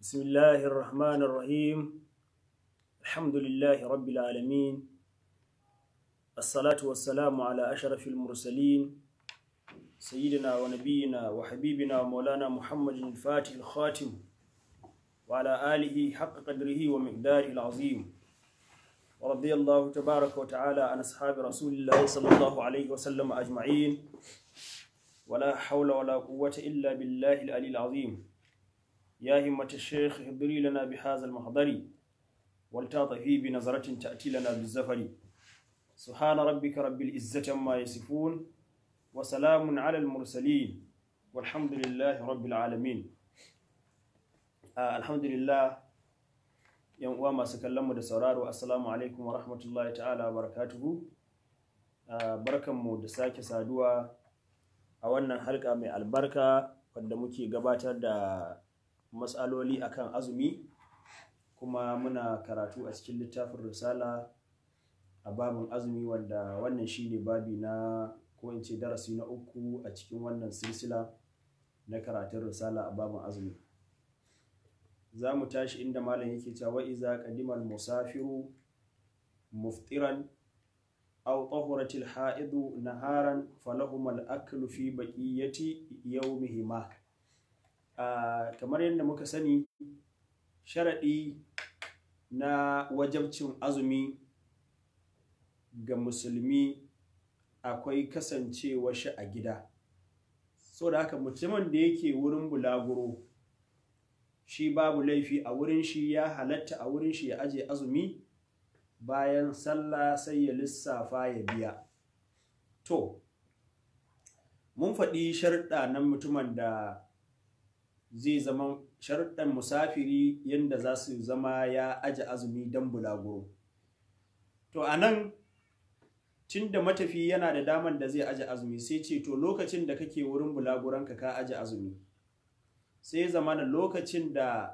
بسم الله الرحمن الرحيم الحمد لله رب العالمين الصلاة والسلام على أشرف المرسلين سيدنا ونبينا وحبيبنا ومولانا محمد الفاتح الخاتم وعلى آله حق قدره ومقداره العظيم ورضي الله تبارك وتعالى عن أصحاب رسول الله صلى الله عليه وسلم أجمعين ولا حول ولا قوة إلا بالله العلي العظيم يا همة الشيخ هبري لنا بهذا المحضر والتاطفي بنظرة تأتي لنا بالزفر سبحان ربك رب العزة ما يصفون وسلام على المرسلين والحمد لله رب العالمين آه الحمد لله yan uwa masu mu da sauraro assalamu alaikum wa rahmatullahi ta'ala barakatuhu mu da sake saduwa a wannan halka mai albarka wadda muke gabatar da matsaloli a kan azumi kuma muna karatu a cikin littafin risala a babin azumi wanda wannan shine babi na ko darasi na uku a cikin wannan silsila na karatun risala a babin azumi za mu tashi inda malam yake cewa wa'iza qadimal musafiru muftiran aw tahuratil ha'idu naharan falahumal aklu fi baqiyati yawmihima kamar yadda muka sani sharaɗi na wajabcin azumi ga musulmi akwai kasancewa shi a gida so da haka mutumin da yake wurin bulaguro shi babu laifi a wurin shi ya halatta a wurin shi ya aje azumi bayan sallah sai ya lissafa ya biya to mun faɗi sharɗa nan mutumin da zai zama sharɗan musafiri yadda za su zama ya aji azumi don bulaguro to a nan tun da matafi yana da daman da zai aji azumi sai ce to lokacin da kake wurin bulaguranka ka aji azumi sai zama da lokacin da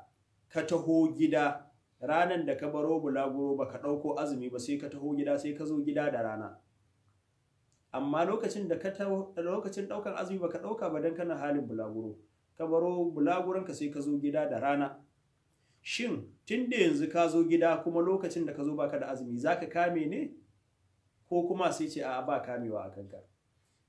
ka taho gida ranan da ka baro bulaguro ba ka ɗauko azumi ba sai ka taho gida sai ka zo gida da rana amma lokacin da ka lokacin ɗaukan azumi ba ka ɗauka ba don kana halin bulaguro ka baro bulaguranka sai ka zo gida da rana shin tun da yanzu ka zo gida kuma lokacin da ka zo baka da azumi za ka kame ne ko kuma sai ce a ba kamewa a kanka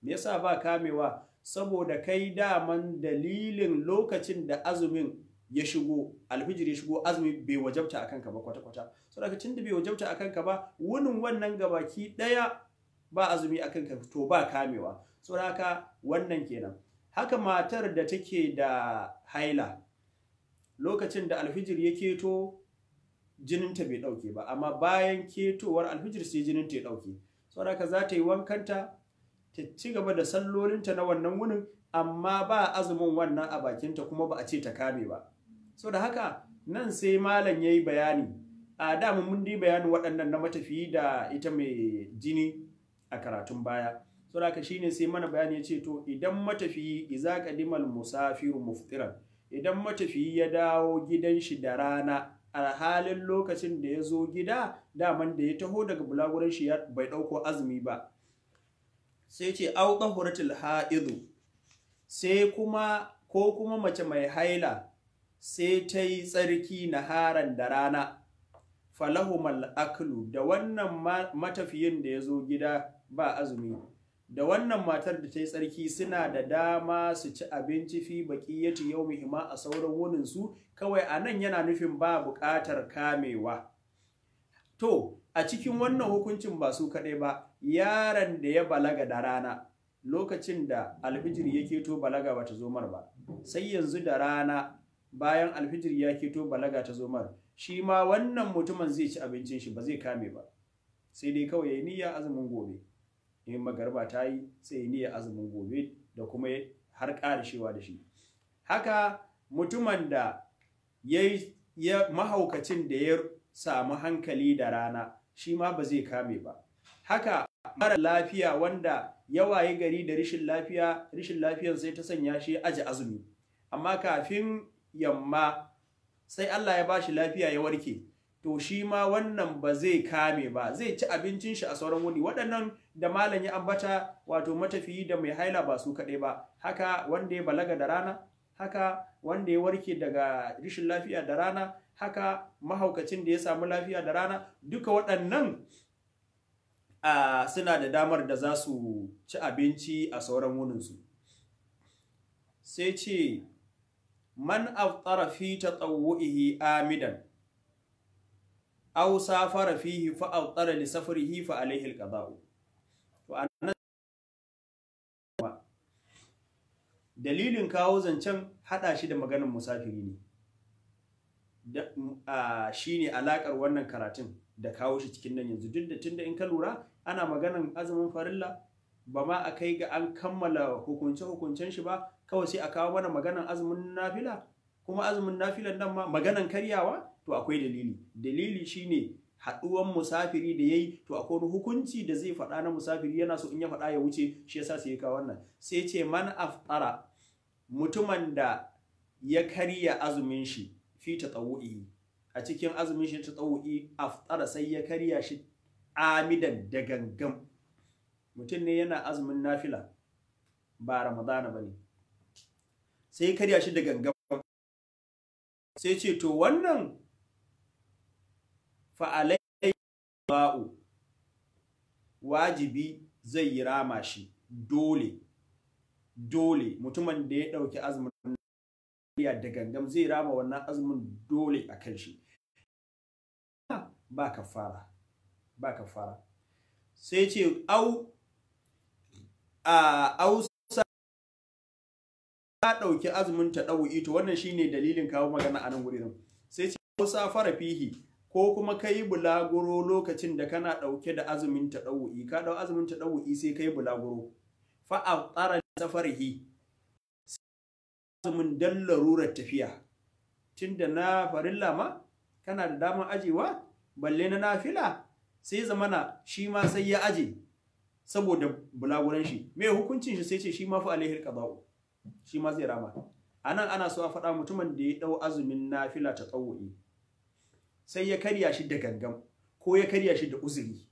me yasa ba kamewa saboda kai daman dalilin lokacin da azumin ya shigo alfijir ya shigo azumi bai wajabta a ka ba kwata-kwata saboda tun da bai wajabta a ka ba wunin wannan gabaki daya ba azumi a ka to ba kamewa saboda wannan kenan haka matar da take da haila lokacin da alfijir ya keto jininta bai ɗauke ba amma bayan ketowar alfijir sai jininta ya ɗauke saboda za ta yi wankanta ta ci gaba da sallolinta na wannan wunin amma ba azumin wannan a bakinta kuma ba a ce ta kame ba saboda haka nan sai malam ya yi bayani a dama mun bayanin waɗannan na matafiya da ita mai jini a karatun baya saboda shine sai mana bayani ya ce to idan matafiyi iza qadimal musafiru muftiran idan matafiyi ya dawo gidan shi da rana a halin lokacin da ya zo gida daman da ya taho daga bulaguran shi bai dauko azumi ba sai ce au tahuratul ha'idu sai kuma ko kuma mace mai haila sai ta yi tsarki na haran da rana falahumal aklu da wannan matafiyin da ya zo gida ba azumi da wannan matar da ta yi tsarki suna da dama su ci abinci fi ci yau muhimma a sauran wuninsu kawai a nan yana nufin ba buƙatar kamewa to a cikin wannan hukuncin ba su kaɗai ba yaron da ya balaga da rana lokacin da alfijir ya keto balaga ba ta zo mar ba sai yanzu da rana bayan alfijir ya keto balaga ta zomar, shi ma wannan mutumin zai ci abincin shi ba zai kame ba sai dai kawai ya yi niyya azumin gobe in magarba ta yi sai ya azumin gobe da kuma har karishewa da shi haka mutumin da ya mahaukacin da ya samu hankali da rana shi ma ba zai kame ba haka mara lafiya wanda ya wayi gari da rishin lafiya rishin lafiyar sai ta sanya shi aji azumi amma kafin yamma sai Allah ya bashi lafiya ya warke to shi ma wannan ba zai kame ba zai ci abincin shi a sauran wuni waɗannan da malam ya ambata wato matafiyi da mai haila ba su kaɗai ba haka wanda ya balaga da rana haka wanda ya warke daga rishin lafiya da rana haka mahaukacin da ya samu lafiya da rana duka waɗannan a suna da damar da za su ci abinci a sauran wuninsu sai ce man aftara fi tatawu'ihi amidan aw safara fihi fa awtara li safrihi fa alayhi alqada'u to dalilin kawo zancen hada shi da maganar musafiri ne shi ne alakar wannan karatun da kawo shi cikin nan yanzu duk da tunda in ka lura ana maganar azumin farilla ba ma a kai ga an kammala hukunce-hukuncen shi ba kawai sai a kawo mana maganar azumin nafila kuma azumin nafilan nan ma maganan karyawa to akwai dalili dalili shine haɗuwan musafiri da yayi to akwai hukunci da zai faɗa na musafiri yana so in ya faɗa ya wuce shi yasa sai ka wannan sai ce man aftara mutumin da ya karya azumin shi fi tatawu'i a cikin azumin shi tatawu'i aftara sai ya karya shi amidan da gangan mutum ne yana azumin nafila ba ramadana bane sai karya shi da gangan sai ce to wannan fa'alai ba'u wajibi zai yi rama shi dole dole mutumin da ya ɗauki azumin ya da gangam zai rama wannan azumin dole a kan shi ba kafara ba kafara sai ce au a au ta ɗauki azumin ta ɗau ito wannan shine dalilin kawo magana a nan gurin sai ce au fara fihi ko kuma ka yi bulaguro lokacin da kana ɗauke da azumin ta taɗawu'i ka ɗau azumin ta taɗawu'i sai ka yi bulaguro fa'a tsara safarhi azumin dan larurar tafiya tunda na farilla ma kana da damar ajewa balle na nafila sai zamana shi ma sai ya aje saboda bulaguran shi mai hukuncin shi sai ce shi ma fa alaihil qada'u shi ma zai rama anan ana so a faɗa mutumin da ya ɗau azumin nafila ta sai ya karya shi da gangan ko ya karya shi da uzuri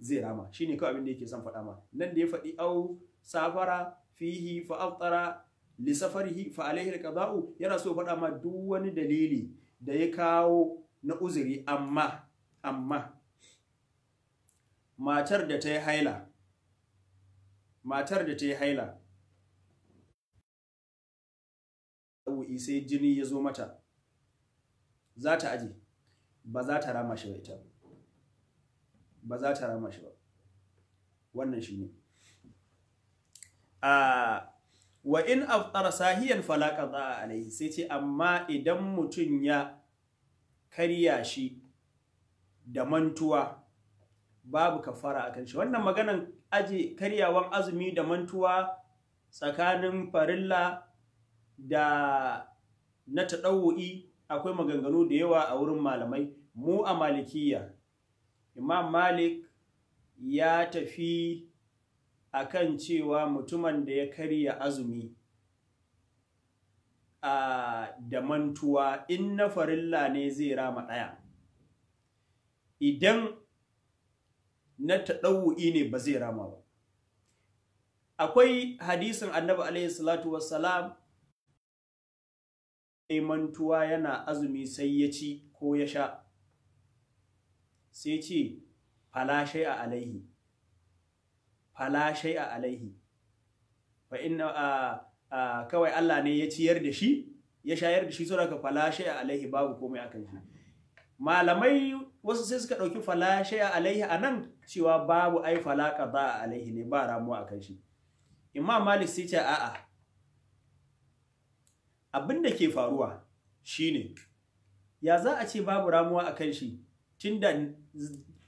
zai rama shine kawai abin da yake son faɗa ma nan da ya faɗi au safara fihi fa aftara li safarihi fa alaihi alqada'u yana so faɗa ma duk wani dalili da ya kawo na uzuri amma amma matar da ta yi haila matar da ta yi haila sai jini ya zo mata za ta aje ba za ta rama shi ba ita ba za ta rama shi ba wannan shi ne wa in aftara sahiyan falaka za a alaihi sai ce amma idan mutum ya karya shi da mantuwa babu kafara a kan shi wannan maganan aji karyawan azumi da mantuwa tsakanin farilla da na taɗawo'i akwai maganganu da yawa a wurin malamai mu a malikiya imam malik ya tafi akan cewa mutumin da ya karya azumi a da mantuwa in na farilla ne zai rama ɗaya idan na taɗaui ne ba zai rama ba akwai hadisin annabi alaihi salatu wassalam yi mantuwa yana azumi sai ya ci ko ya sha sai ce falashai a alaihi falashai a alaihi fa ina a kawai Allah ne ya ciyar da shi ya shayar da shi so daga falashai a alaihi babu komai akan shi malamai wasu sai suka ɗauki falashai a alaihi a nan cewa babu ai falaka ba a alaihi ne ba ramuwa akan shi imam malik sai ce a'a abin da ke faruwa shine ya za a ce babu ramuwa a kan shi tun da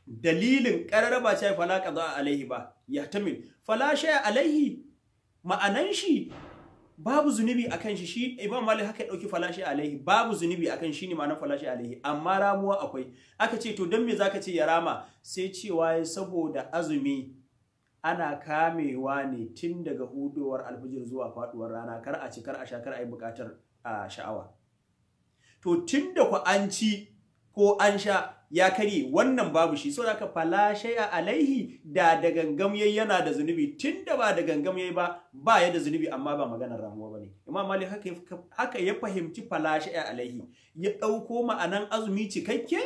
dalilin ƙararraba ce fala a alaihi ba ya tamil fala a alaihi ma'anan shi babu zunubi akan shi shi Imam Malik haka ya dauki a alaihi babu zunubi akan shi ne shi a alaihi amma ramuwa akwai aka ce to don me za ka ce ya rama sai cewa saboda azumi ana kamewa ne tun daga hudowar alfijir zuwa faduwar rana kar a ci kar a sha kar a yi bukatar a sha'awa to tun da ku an ci ko an sha ya kare wannan babu shi so zaka fala shay'a alaihi da da gangam yayi yana da zunubi tun da ba da gangam yayi ba ba ya da zunubi amma ba maganar ramuwa bane imam malik haka ya fahimci fala shay'a alaihi ya dauko ma'anan azumi cikakke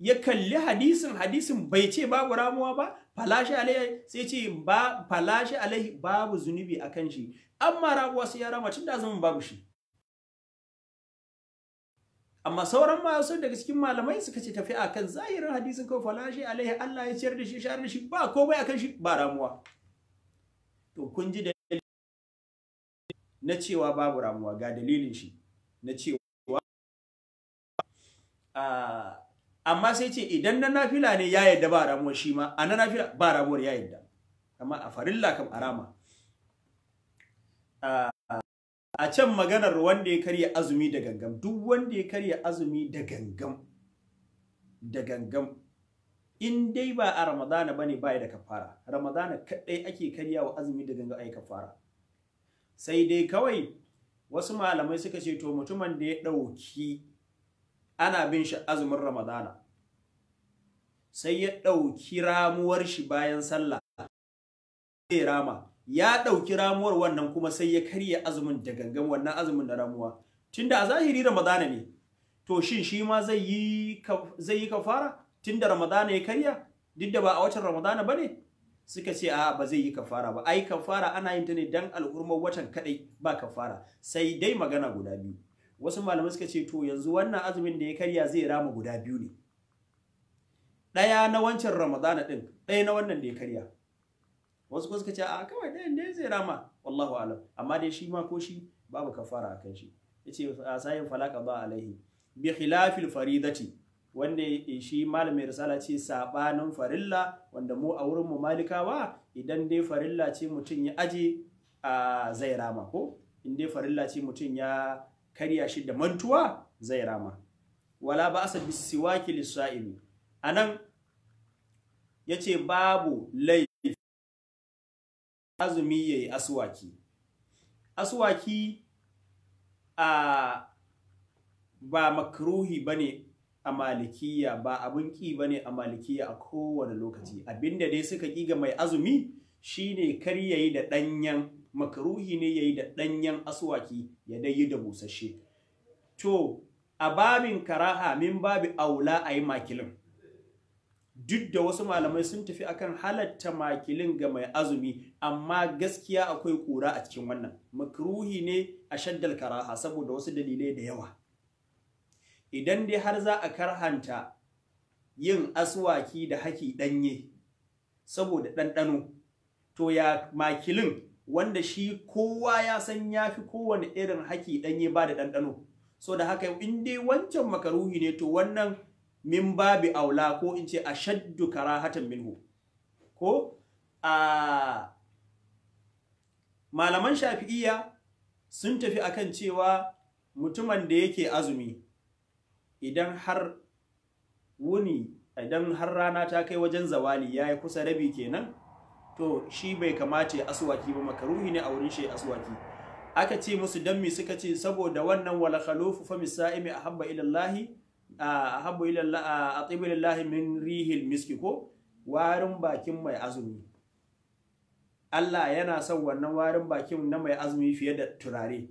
ya kalli hadisin hadisin bai ce babu ramuwa ba falashi alaihi sai ce ba falashi alaihi babu zunubi akan shi amma ramuwa sai ya rama tun da zaman babu shi amma sauran ma sun daga cikin malamai suka ce tafi akan zahirin hadisin kawai falashi alaihi Allah ya ciyar da shi shahar da shi ba komai akan shi ba ramuwa to kun ji dalilin na cewa babu ramuwa ga dalilin shi na cewa a amma sai ce idan na nafila ne ya yadda ba ramuwar shi ma a na nafila ba ramuwar ya yadda amma a farilla kam arama a can maganar wanda ya karya azumi da gangam duk wanda ya karya azumi da gangam da gangam in dai ba a ramadana ba ne baya da kafara ramadana kaɗai ake karya wa azumi da gangam ai kafara sai dai kawai wasu malamai suka ce to mutumin da ya ɗauki ana bin shi azumin ramadana sai ya ɗauki ramuwar shi bayan sallah ya rama ya ɗauki ramuwar wannan kuma sai ya karya azumin da gangan wannan azumin da ramuwa tunda a zahiri ramadana ne to shin shi ma zai yi kafara tunda ramadana ya karya duk da ba a watan ramadana ba ne suka ce a ba zai yi kafara ba ai kafara ana yin ta ne dan al'ummar watan kadai ba kafara sai dai magana guda biyu wasu malamai suka ce to yanzu wannan azumin da ya karya zai rama guda biyu ne ɗaya na wancan ramadana ɗin ɗaya na wannan da ya karya wasu kuma suka ce a kawai ɗayan da zai rama wallahu alam amma dai shi ma ko shi babu kafara a kan shi yace a sayin falaka ba alaihi bi khilafil faridati wanda shi malamin risala ce sabanin farilla wanda mu a wurin mu malikawa idan dai farilla ce mutum ya aje a zai rama ko in dai farilla ce mutum ya karya shi da mantuwa zai rama wala ba asa bisiwaki lisa'imi anan yace babu laifi azumi yayi aswaki aswaki a ba makruhi bane a malikiya ba abun ki bane a malikiya a kowane lokaci abinda dai suka ƙiga mai azumi Shi shine kar yi da ɗanyen makaruhi ne ya yi da ɗanyen aswaki ya dai yi da busashe. to a babin karaha min babi aula yi makilin duk da wasu malamai sun tafi akan halatta makilin ga mai azumi amma gaskiya akwai kura a cikin wannan makaruhi ne a shaddal karaha saboda wasu dalilai da yawa idan dai har za a karhanta yin aswaki da haki ɗanye saboda ɗanɗano to ya makilin wanda shi kowa ya san ya fi kowane irin haki ya ba da ɗanɗano so da haka in dai wancan makaruhi ne to wannan min babi aula ko in ce a kara karahatan minhu ko a malaman shafi'iyya sun tafi akan cewa mutumin da yake azumi idan har wuni idan har rana ta kai wajen zawali ya yi kusa rabi kenan to shi bai kamace aswaki ba makaruhi ne a wurin shi aswaki aka ce musu dan me suka ce saboda wannan wala khalufu fa misaimi ahabba ila llahi ahabba ila Allah atibu llahi min rihil miski ko warin bakin mai azumi Allah yana son wannan warin bakin na mai azumi fiye da turare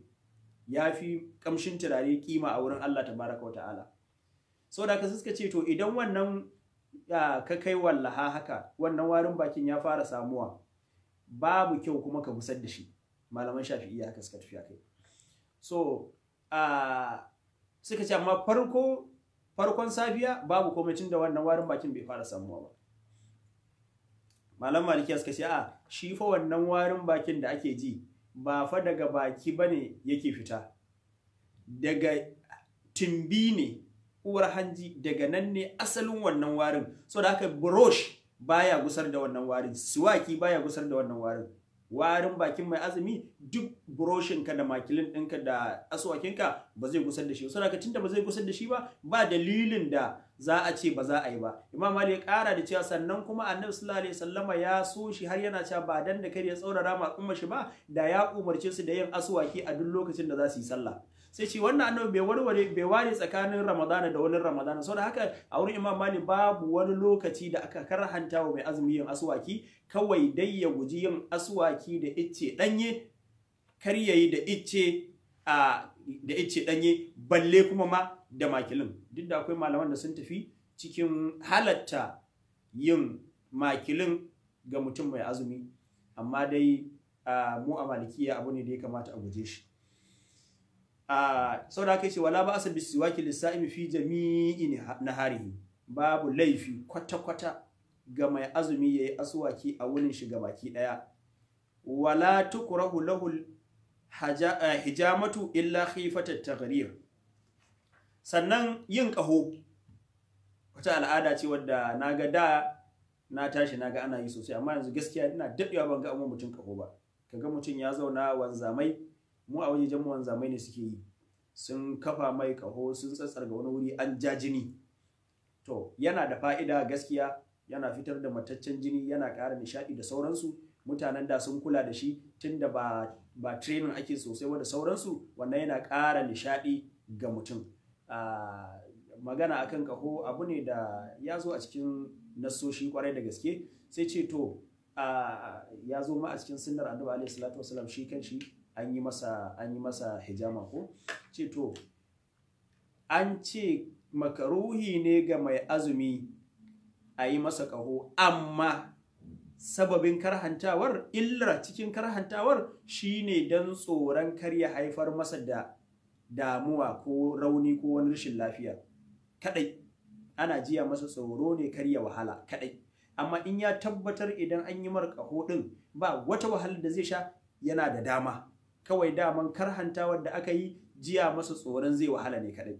yafi fi kamshin turare kima a wurin Allah tabaraka wa ta'ala sau da suka ce to idan wannan ka kai wallaha haka wannan warin bakin ya fara samuwa babu kyau kuma ka gusar da shi malaman iya haka suka tafi kai so suka ce amma farko farkon safiya babu komai da wannan warin bakin bai fara samuwa ba malam maliki suka ce a shi fa wannan warin bakin da ake ji ba fa daga baki bane yake fita daga timbi ne uwar hanji daga nan ne asalin wannan warin so da haka brush baya gusar da wannan warin siwaki baya gusar da wannan warin warin bakin mai azumi duk broshin ka da makilin ɗinka da ka ba zai gusar da shi so daga tunda ba zai gusar da shi ba ba dalilin da za a ce ba za a yi ba imam ali ya kara da cewa sannan kuma annabi sallallahu alaihi wasallama ya so shi har yana cewa ba dan da kar ya tsaurara ma umma shi ba da ya umarce su da yin aswaki a duk lokacin da za su yi sallah sai ce wannan annabi bai warware bai ware tsakanin ramadana da wani ramadana da haka a wurin imam mali babu wani lokaci da aka karhanta wa mai azumi yin aswaki kawai dai ya guji yin aswaki da icce danye kar da icce a da icce danye balle kuma ma da makilin duk da akwai malaman da sun tafi cikin halatta yin makilin ga mutum mai azumi amma dai mu a malikiya abu ne da ya kamata a guje shi a da aka ce wala ba asa bisiwaki lissa'imi fi jami'i naharihi babu laifi kwata-kwata ga mai azumi yayi asuwaki a wurin shiga baki daya wala tukrahu lahu hijamatu illa khifatat taghrir sannan yin kaho wata al'ada ce wadda naga da na tashi na ga ana yi sosai amma yanzu gaskiya ina daɗewa ban ga amma mutum kaho ba kaga mutum ya zauna wanzamai mu a wajejen mu wanzamai ne suke yi sun kafa mai kaho sun tsatsar ga wani wuri an ja jini to yana da fa'ida gaskiya yana fitar da mataccen jini yana ƙara nishaɗi da sauransu mutanen da sun kula da shi tunda ba ba training ake sosai ba da sauransu wannan yana ƙara nishaɗi ga mutum ah, magana akan kaho abu ne da ya zo a cikin nasoshi kwarai da gaske sai ce to ah, ya zo ma a cikin sunnar annabi alaihi salatu wasallam shi kan shi an yi masa an yi masa hijama ko ce to an ce makaruhi ne ga mai azumi a yi masa kaho amma sababin karhantawar illar cikin karhantawar shine don tsoron karya haifar masa da damuwa ko rauni ko wani rashin lafiya kadai ana jiya masa tsoro ne karya wahala kadai amma in ya tabbatar idan an yi mar kaho din ba wata wahala da zai sha yana da dama kawai daman karhanta wadda aka yi jiya masa tsoron zai wahala ne kaɗai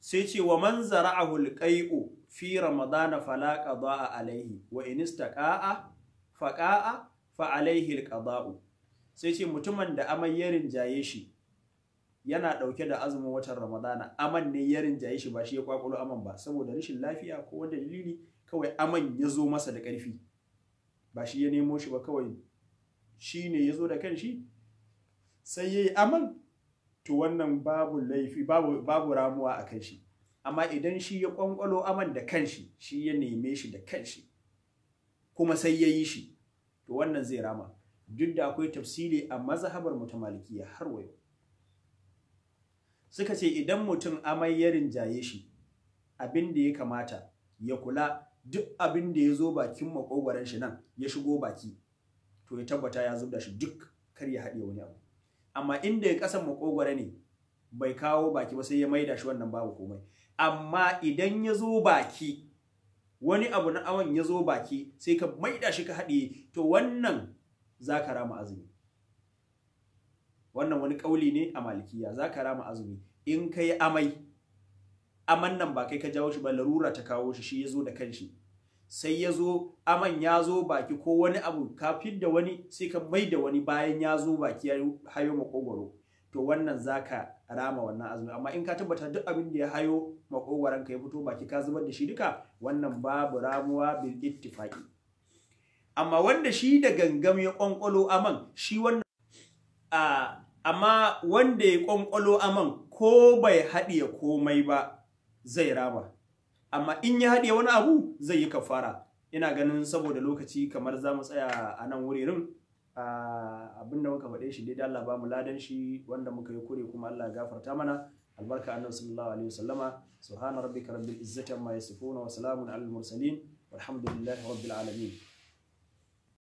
sai ce wa man a hulƙai'u fi ramadana fala qada'a alaihi wa in istaqa'a faqa'a fa alaihi alqada'u sai ce mutumin da amai ya rinjaye shi yana ɗauke da azumin watan ramadana aman ne ya rinjaye shi ba shi ya kwakwalo aman ba saboda rashin lafiya ko wanda dalili kawai aman ya zo masa da ƙarfi ba shi ya nemo shi ba kawai shi ne ya zo da kan shi sai ya yi aman to wannan babu laifi babu, ramuwa a kan shi amma idan shi ya ƙwanƙwalo aman da kan shi shi ya neme shi da kan shi kuma sai ya yi shi to wannan zai rama duk da akwai tafsiri a mazhabar mu ya malikiya har wayo suka ce idan mutum amai ya rinjaye shi abin da ya kamata ya kula duk abin da ya zo bakin makogwaron shi nan ya shigo baki to ya tabbata ya zubda shi duk kar ya haɗe wani abu amma inda ya kasan makogwara ne bai kawo baki ba sai ya maida shi wannan babu komai amma idan ya zo baki wani abu na awon ya zo baki sai ka maida shi ka haɗe to wannan za ka rama azumi wannan wani ƙauli ne a malikiya za ka rama azumi in ka yi amai amannan nan ba kai ka jawo shi ba larura ta kawo shi shi ya zo da kanshi sai ya zo aman ya zo baki ko wani abu kafin da wani sai ka mai da wani bayan ya zo baki ya hayo makogwaro to wannan zaka rama wannan azumi amma in ka tabbata duk abin da ya hayo makogwaron ka ya fito baki ka zubar da shi duka wannan babu ramuwa bil ittifaqi amma wanda shi da gangam ya kwankwalo aman shi wannan amma wanda ya kwankwalo aman ko bai haɗiye komai ba zai rama amma in ya haɗe wani abu zai yi kafara ina ganin saboda lokaci kamar za mu tsaya a nan wuririn abinda muka faɗe shi dai Allah ba mu ladan shi wanda muka yi kure kuma Allah ya gafarta mana albarka annabi sallallahu alaihi wasallama subhana rabbika rabbil izzati amma yasifuna wa salamun alal mursalin walhamdulillahi rabbil alamin